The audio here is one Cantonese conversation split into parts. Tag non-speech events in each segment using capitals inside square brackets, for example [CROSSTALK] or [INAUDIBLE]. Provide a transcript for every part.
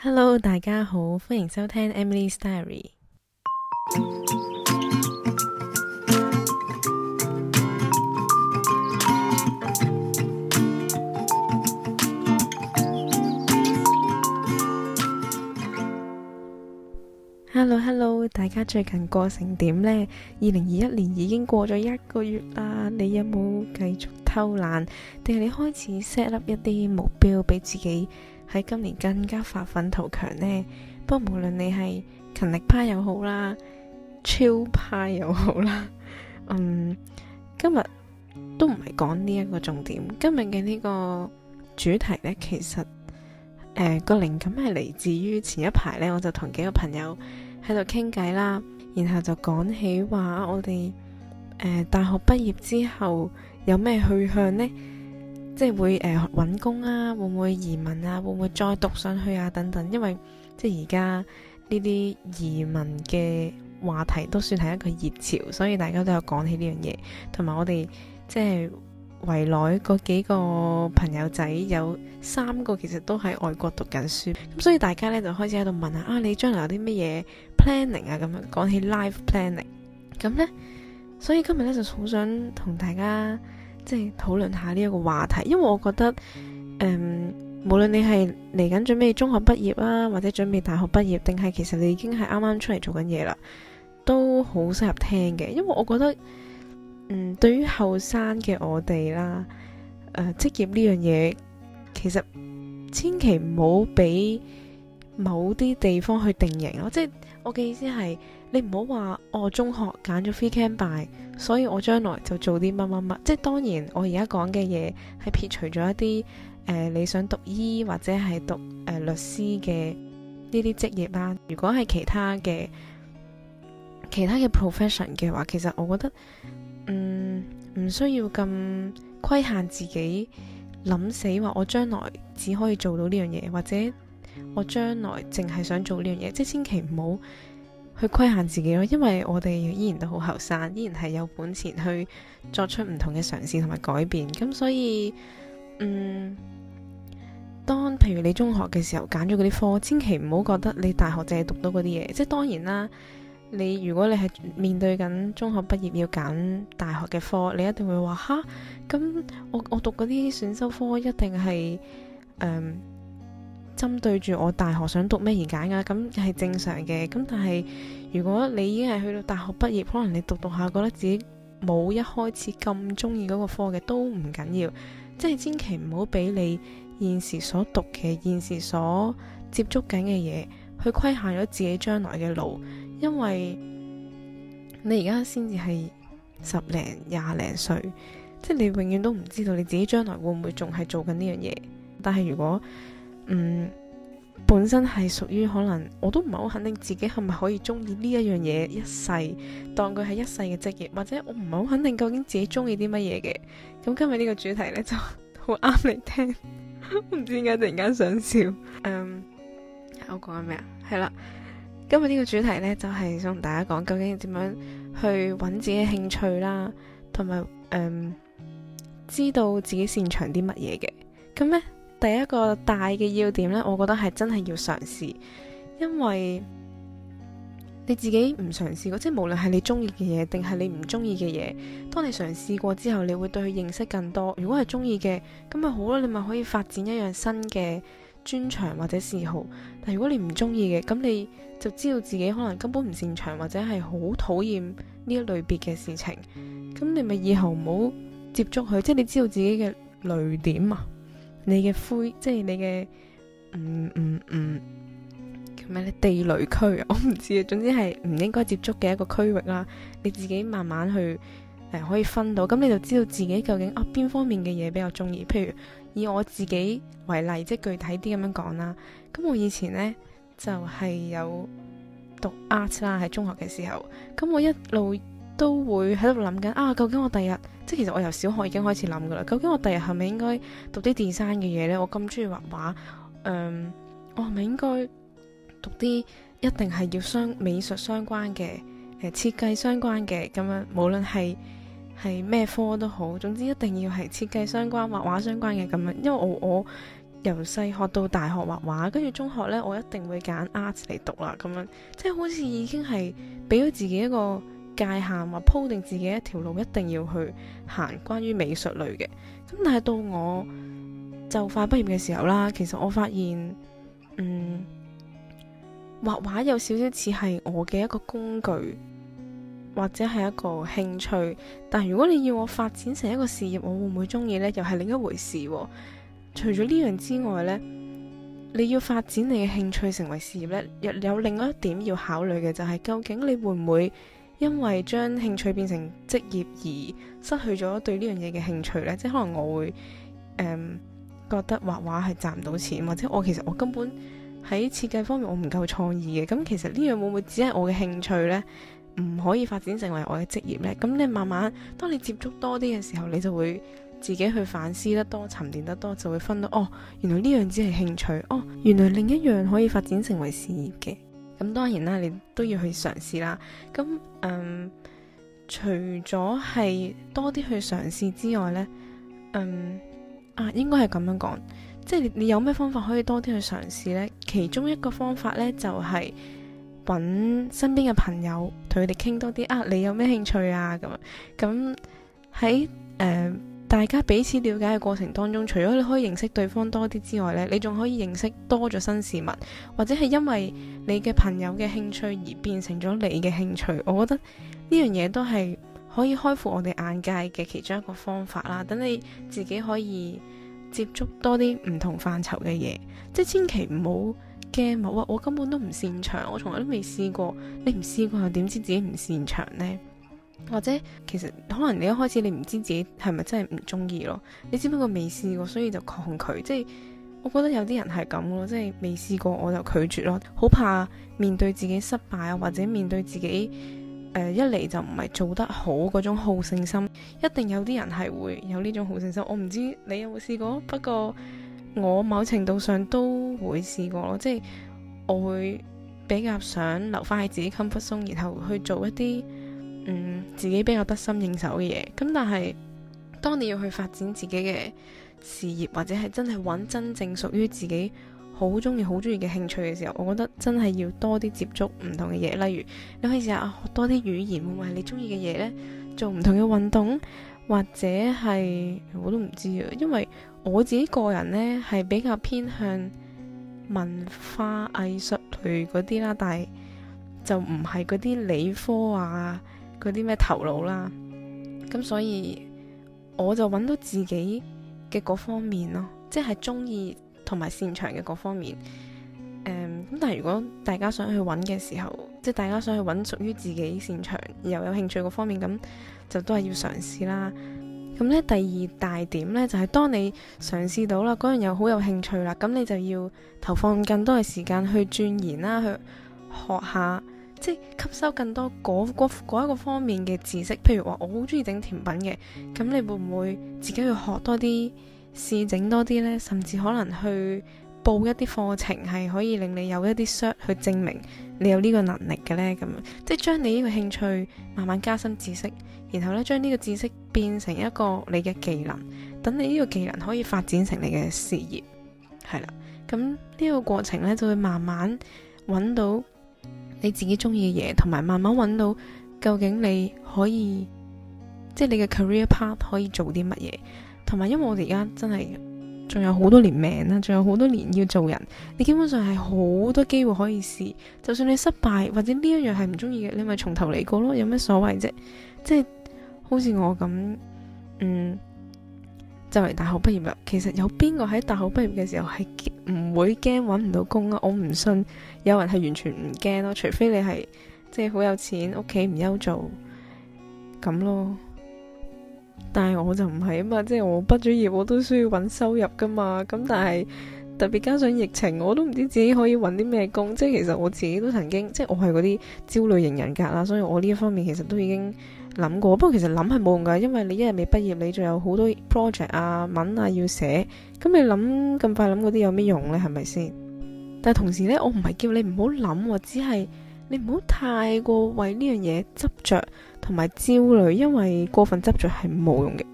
Hello，大家好，歡迎收聽 Emily Story。Hello，Hello，hello，大家最近過成點呢？二零二一年已經過咗一個月啦，你有冇繼續偷懶，定係你開始設立一啲目標俾自己？喺今年更加發奮圖強呢。不過無論你係勤力派又好啦，chill 派又好啦，嗯，今日都唔係講呢一個重點。今日嘅呢個主題呢，其實誒個、呃、靈感係嚟自於前一排呢，我就同幾個朋友喺度傾偈啦，然後就講起話我哋、呃、大學畢業之後有咩去向呢。即係會誒呃、搵工啊，會唔會移民啊，會唔會再讀上去啊等等，因為即係而家呢啲移民嘅話題都算係一個熱潮，所以大家都有講起呢樣嘢。同埋我哋即係圍內嗰幾個朋友仔有三個其實都喺外國讀緊書，咁、嗯、所以大家咧就開始喺度問下啊，你將來有啲乜嘢 planning 啊咁樣，講起 life planning 咁咧，所以今日咧就好想同大家，即係討論下呢一個話題，因為我覺得，誒、嗯，無論你係嚟緊準備中學畢業啦，或者準備大學畢業，定係其實你已經係啱啱出嚟做緊嘢啦，都好適合聽嘅。因為我覺得，嗯，對於後生嘅我哋啦，誒、呃，職業呢樣嘢，其實千祈唔好俾某啲地方去定型咯。即係我嘅意思係。你唔好話，我、哦、中學揀咗 free camp by，所以我將來就做啲乜乜乜。即係當然我，我而家講嘅嘢係撇除咗一啲誒、呃、你想讀醫或者係讀誒、呃、律師嘅呢啲職業啦。如果係其他嘅其他嘅 profession 嘅話，其實我覺得，嗯，唔需要咁規限自己諗死話，我將來只可以做到呢樣嘢，或者我將來淨係想做呢樣嘢，即係千祈唔好。去規限自己咯，因為我哋依然都好後生，依然係有本錢去作出唔同嘅嘗試同埋改變。咁所以，嗯，當譬如你中學嘅時候揀咗嗰啲科，千祈唔好覺得你大學淨係讀到嗰啲嘢。即係當然啦，你如果你係面對緊中學畢業要揀大學嘅科，你一定會話吓，咁我我讀嗰啲選修科一定係，嗯針對住我大學想讀咩而揀㗎，咁係正常嘅。咁但係如果你已經係去到大學畢業，可能你讀讀下覺得自己冇一開始咁中意嗰個科嘅，都唔緊要，即係千祈唔好俾你現時所讀嘅、現時所接觸緊嘅嘢去規限咗自己將來嘅路，因為你而家先至係十零廿零歲，即係你永遠都唔知道你自己將來會唔會仲係做緊呢樣嘢。但係如果嗯，本身係屬於可能我都唔係好肯定自己係咪可以中意呢一樣嘢一世，當佢係一世嘅職業，或者我唔係好肯定究竟自己中意啲乜嘢嘅。咁今日呢個主題呢，就好啱你聽，唔 [LAUGHS] 知點解突然間想笑。嗯、我講緊咩啊？係啦，今日呢個主題呢，就係想同大家講究竟點樣去揾自己興趣啦，同埋、嗯、知道自己擅長啲乜嘢嘅。咁呢。第一個大嘅要點呢，我覺得係真係要嘗試，因為你自己唔嘗試過，即係無論係你中意嘅嘢定係你唔中意嘅嘢。當你嘗試過之後，你會對佢認識更多。如果係中意嘅，咁咪好咯，你咪可以發展一樣新嘅專長或者嗜好。但如果你唔中意嘅，咁你就知道自己可能根本唔擅長或者係好討厭呢一類別嘅事情。咁你咪以後唔好接觸佢，即係你知道自己嘅雷點啊。你嘅灰，即係你嘅，唔唔唔叫咩咧？地雷區，我唔知啊。總之係唔應該接觸嘅一個區域啦。你自己慢慢去誒、嗯，可以分到咁，你就知道自己究竟啊邊方面嘅嘢比較中意。譬如以我自己為例，即係具體啲咁樣講啦。咁我以前呢，就係、是、有讀 arts 啦，喺中學嘅時候。咁我一路。都會喺度諗緊啊，究竟我第日，日即係其實我由小學已經開始諗噶啦。究竟我第日係咪應該讀啲 design 嘅嘢呢？我咁中意畫畫，誒、嗯，我係咪應該讀啲一,一定係要相美術相關嘅誒設計相關嘅咁樣，無論係係咩科都好，總之一定要係設計相關、畫畫相關嘅咁樣。因為我我由細學到大學畫畫，跟住中學呢，我一定會揀 arts 嚟讀啦。咁樣即係好似已經係俾咗自己一個界限，或鋪定自己一條路，一定要去行關於美術類嘅。咁但係到我就快畢業嘅時候啦，其實我發現，嗯，畫畫有少少似係我嘅一個工具或者係一個興趣。但如果你要我發展成一個事業，我會唔會中意呢？又係另一回事啊。除咗呢樣之外呢，你要發展你嘅興趣成為事業呢，又有另外一點要考慮嘅就係究竟你會唔會？因為將興趣變成職業而失去咗對呢樣嘢嘅興趣呢，即係可能我會誒、呃、覺得畫畫係賺唔到錢，或者我其實我根本喺設計方面我唔夠創意嘅。咁其實呢樣會唔會只係我嘅興趣呢？唔可以發展成為我嘅職業呢。咁你慢慢，當你接觸多啲嘅時候，你就會自己去反思得多、沉澱得多，就會分到哦，原來呢樣只係興趣，哦，原來另一樣可以發展成為事業嘅。咁當然啦，你都要去嘗試啦。咁嗯，除咗係多啲去嘗試之外呢，嗯啊，應該係咁樣講，即係你有咩方法可以多啲去嘗試呢？其中一個方法呢，就係揾身邊嘅朋友，同佢哋傾多啲啊！你有咩興趣啊？咁啊咁喺誒。大家彼此了解嘅過程當中，除咗你可以認識對方多啲之外呢，你仲可以認識多咗新事物，或者係因為你嘅朋友嘅興趣而變成咗你嘅興趣。我覺得呢樣嘢都係可以開闊我哋眼界嘅其中一個方法啦。等你自己可以接觸多啲唔同範疇嘅嘢，即係千祈唔好驚冇啊！我根本都唔擅長，我從來都未試過。你唔試過又點知自己唔擅長呢？或者其實可能你一開始你唔知自己係咪真係唔中意咯，你只不過未試過，所以就抗拒。即係我覺得有啲人係咁咯，即係未試過我就拒絕咯，好怕面對自己失敗啊，或者面對自己、呃、一嚟就唔係做得好嗰種好勝心，一定有啲人係會有呢種好勝心。我唔知你有冇試過，不過我某程度上都會試過咯，即係我會比較想留翻喺自己 comfort zone，然後去做一啲。嗯，自己比較得心應手嘅嘢，咁但係當你要去發展自己嘅事業，或者係真係揾真正屬於自己好中意、好中意嘅興趣嘅時候，我覺得真係要多啲接觸唔同嘅嘢。例如你可以試下學、啊、多啲語言，會唔會係你中意嘅嘢呢？做唔同嘅運動，或者係我都唔知啊，因為我自己個人呢，係比較偏向文化藝術類嗰啲啦，但係就唔係嗰啲理科啊。有啲咩頭腦啦，咁所以我就揾到自己嘅嗰方面咯，即係中意同埋擅長嘅嗰方面。誒，咁但係如果大家想去揾嘅時候，即係大家想去揾屬於自己擅長又有興趣嗰方面，咁就都係要嘗試啦。咁呢第二大點呢，就係、是、當你嘗試到啦，嗰樣又好有興趣啦，咁你就要投放更多嘅時間去鑽研啦，去學下。即係吸收更多嗰嗰嗰一個方面嘅知識，譬如話我好中意整甜品嘅，咁你會唔會自己去學多啲，試整多啲咧？甚至可能去報一啲課程，係可以令你有一啲 cert 去證明你有呢個能力嘅咧？咁，即係將你呢個興趣慢慢加深知識，然後咧將呢個知識變成一個你嘅技能，等你呢個技能可以發展成你嘅事業，係啦。咁呢個過程咧就會慢慢揾到。你自己中意嘅嘢，同埋慢慢揾到究竟你可以，即係你嘅 career path 可以做啲乜嘢，同埋因為我哋而家真係仲有好多年命啦，啊，仲有好多年要做人，你基本上係好多機會可以試，就算你失敗或者呢一樣係唔中意嘅，你咪從頭嚟過咯，有咩所謂啫？即係好似我咁，嗯。就嚟大學畢業啦！其實有邊個喺大學畢業嘅時候係唔會驚揾唔到工啊？我唔信有人係完全唔驚咯，除非你係即係好有錢，屋企唔憂做咁咯。但係我就唔係啊嘛，即係我畢咗業，我都需要揾收入噶嘛。咁但係特別加上疫情，我都唔知自己可以揾啲咩工。即係其實我自己都曾經，即係我係嗰啲焦慮型人格啦，所以我呢一方面其實都已經，諗過，不過其實諗係冇用噶，因為你一日未畢業，你仲有好多 project 啊、文啊要寫，咁你諗咁快諗嗰啲有咩用呢？係咪先？但係同時呢，我唔係叫你唔好諗，只係你唔好太過為呢樣嘢執着同埋焦慮，因為過分執着係冇用嘅。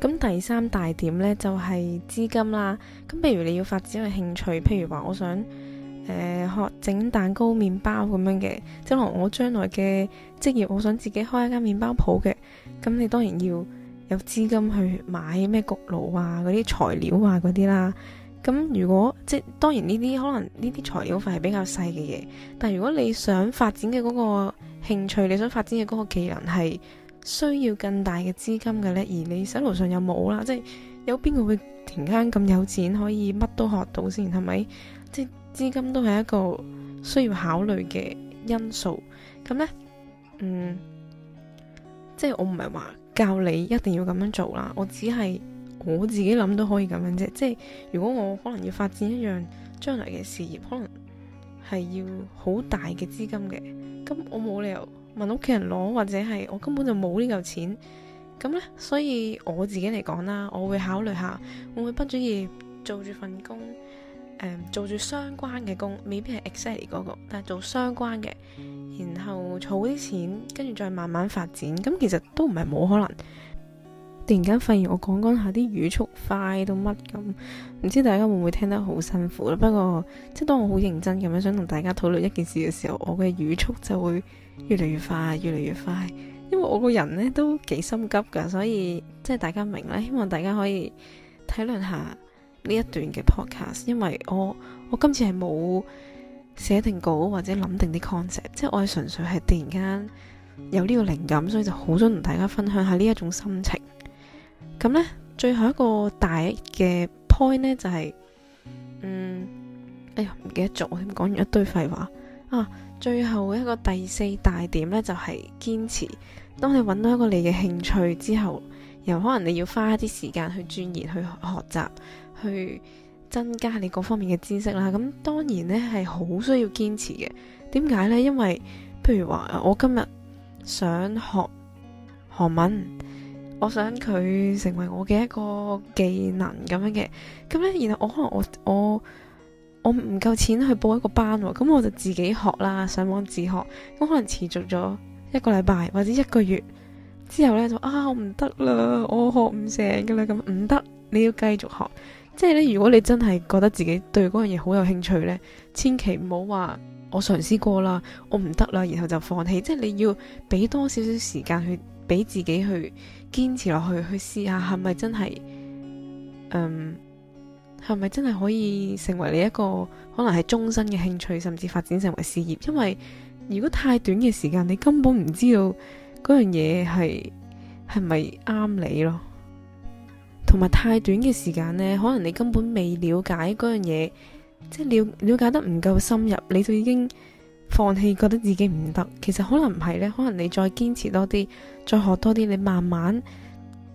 咁第三大點呢，就係資金啦。咁譬如你要發展嘅個興趣，譬如話我想。誒、呃，學整蛋糕、麵包咁樣嘅，即係我將來嘅職業，我想自己開一間麵包鋪嘅。咁你當然要有資金去買咩焗爐啊，嗰啲材料啊，嗰啲啦。咁如果即係當然呢啲可能呢啲材料費係比較細嘅嘢，但係如果你想發展嘅嗰個興趣，你想發展嘅嗰個技能係需要更大嘅資金嘅呢，而你手頭上又冇啦，即係有邊個會突然間咁有錢可以乜都學到先係咪？即係。資金都係一個需要考慮嘅因素，咁呢，嗯，即係我唔係話教你一定要咁樣做啦，我只係我自己諗都可以咁樣啫。即係如果我可能要發展一樣將來嘅事業，可能係要好大嘅資金嘅，咁我冇理由問屋企人攞，或者係我根本就冇呢嚿錢，咁呢，所以我自己嚟講啦，我會考慮下會唔會畢咗業做住份工。做住相關嘅工未必係 exactly 嗰個但係做相關嘅，然後儲啲錢，跟住再慢慢發展。咁其實都唔係冇可能。突然間發現我講講下啲語速快到乜咁，唔知大家會唔會聽得好辛苦咧？不過即係當我好認真咁樣想同大家討論一件事嘅時候，我嘅語速就會越嚟越快，越嚟越快。因為我個人呢都幾心急噶，所以即係大家明啦，希望大家可以體諒下。呢一段嘅 podcast，因為我我今次係冇寫定稿或者諗定啲 concept，即係我係純粹係突然間有呢個靈感，所以就好想同大家分享下呢一種心情。咁呢最後一個大嘅 point 呢，就係，嗯，哎呀，唔記得咗，講完一堆廢話啊！最後一個第四大點呢，就係堅持。當你揾到一個你嘅興趣之後，又可能你要花啲時間去鑽研去學習。去增加你各方面嘅知識啦。咁當然呢，係好需要堅持嘅。點解呢？因為譬如話，我今日想學韓文，我想佢成為我嘅一個技能咁樣嘅。咁咧，然後我可能我我我唔夠錢去報一個班，咁我就自己學啦，上網自學。咁可能持續咗一個禮拜或者一個月之後呢，就啊，我唔得啦，我學唔成噶啦，咁唔得，你要繼續學。即係咧，如果你真係覺得自己對嗰樣嘢好有興趣呢，千祈唔好話我嘗試過啦，我唔得啦，然後就放棄。即係你要俾多少少時間去俾自己去堅持落去，去試下係咪真係，嗯，係咪真係可以成為你一個可能係終身嘅興趣，甚至發展成為事業。因為如果太短嘅時間，你根本唔知道嗰樣嘢係係咪啱你咯。同埋太短嘅時間呢，可能你根本未了解嗰樣嘢，即係了了解得唔夠深入，你就已經放棄，覺得自己唔得。其實可能唔係呢，可能你再堅持多啲，再學多啲，你慢慢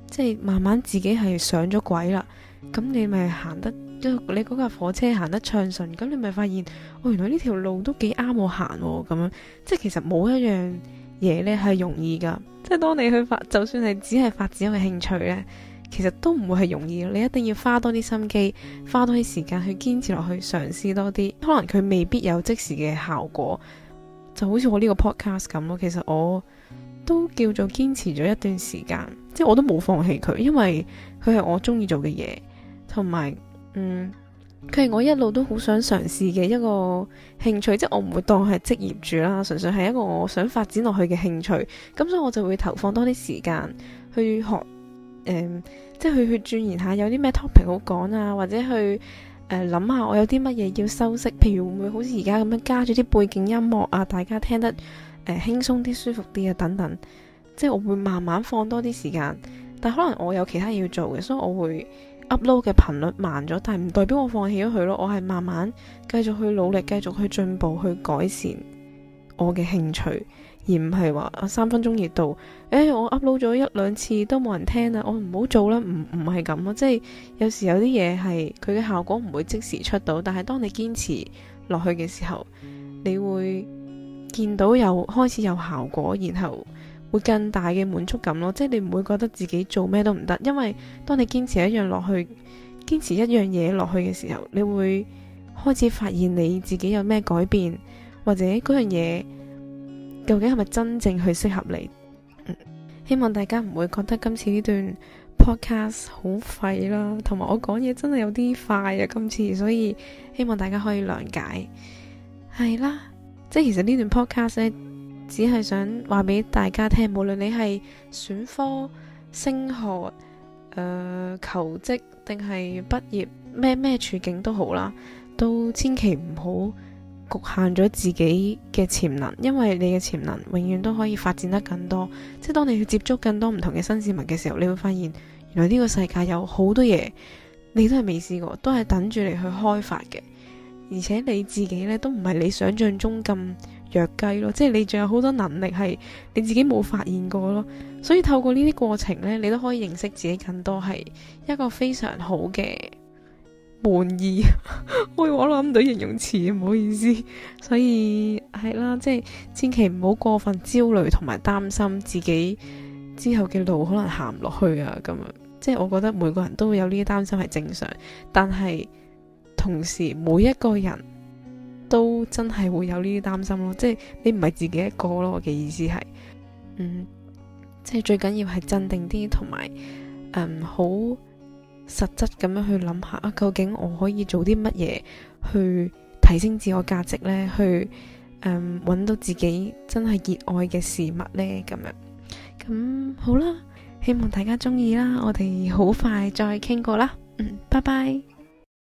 即係慢慢自己係上咗軌啦。咁你咪行得，你嗰架火車行得暢順。咁你咪發現哦，原來呢條路都幾啱我行咁樣。即係其實冇一樣嘢呢係容易㗎。即係當你去發，就算係只係發展一個興趣呢。其實都唔會係容易，你一定要花多啲心機，花多啲時間去堅持落去嘗試多啲。可能佢未必有即時嘅效果，就好似我呢個 podcast 咁咯。其實我都叫做堅持咗一段時間，即係我都冇放棄佢，因為佢係我中意做嘅嘢，同埋嗯，佢係我一路都好想嘗試嘅一個興趣。即係我唔會當係職業住啦，純粹係一個我想發展落去嘅興趣。咁所以我就會投放多啲時間去學。誒、嗯，即係去去轉移下，有啲咩 topic 好講啊，或者去誒諗、呃、下我有啲乜嘢要修飾，譬如會唔會好似而家咁樣加咗啲背景音樂啊，大家聽得誒、呃、輕鬆啲、舒服啲啊等等。即係我會慢慢放多啲時間，但可能我有其他嘢要做嘅，所以我會 upload 嘅頻率慢咗，但係唔代表我放棄咗佢咯。我係慢慢繼續去努力、繼續去進步、去改善我嘅興趣。而唔係話啊三分鐘熱度，誒、欸、我 upload 咗一兩次都冇人聽啦，我唔好做啦，唔唔係咁咯！即係有時有啲嘢係佢嘅效果唔會即時出到，但係當你堅持落去嘅時候，你會見到有開始有效果，然後會更大嘅滿足感咯。即係你唔會覺得自己做咩都唔得，因為當你堅持一樣落去，堅持一樣嘢落去嘅時候，你會開始發現你自己有咩改變，或者嗰樣嘢。究竟係咪真正去適合你，嗯？希望大家唔會覺得今次呢段 podcast 好廢啦，同埋我講嘢真係有啲快啊！今次所以希望大家可以諒解，係啦。即係其實呢段 podcast 呢，只係想話俾大家聽，無論你係選科、升學、誒求職定係畢業咩咩處境都好啦，都千祈唔好。局限咗自己嘅潛能，因為你嘅潛能永遠都可以發展得更多。即係當你去接觸更多唔同嘅新事物嘅時候，你會發現原來呢個世界有好多嘢你都係未試過，都係等住你去開發嘅。而且你自己呢，都唔係你想象中咁弱雞咯，即係你仲有好多能力係你自己冇發現過咯。所以透過呢啲過程呢，你都可以認識自己更多，係一個非常好嘅。滿滿意， [LAUGHS] 我諗唔到形容詞，唔好意思。 [LAUGHS] 所以係啦，即係千祈唔好過分焦慮同埋擔心自己之後嘅路可能行唔落去啊。咁啊，即係我覺得每個人都會有呢啲擔心係正常，但係同時每一個人都真係會有呢啲擔心咯。即係你唔係自己一個咯，我嘅意思係，嗯，即係最緊要係鎮定啲同埋，嗯好。實質咁樣去諗下，啊，究竟我可以做啲乜嘢去提升自我價值呢？去嗯、揾到自己真係熱愛嘅事物呢？咁樣咁好啦！希望大家中意啦，我哋好快再傾過啦，嗯，拜拜。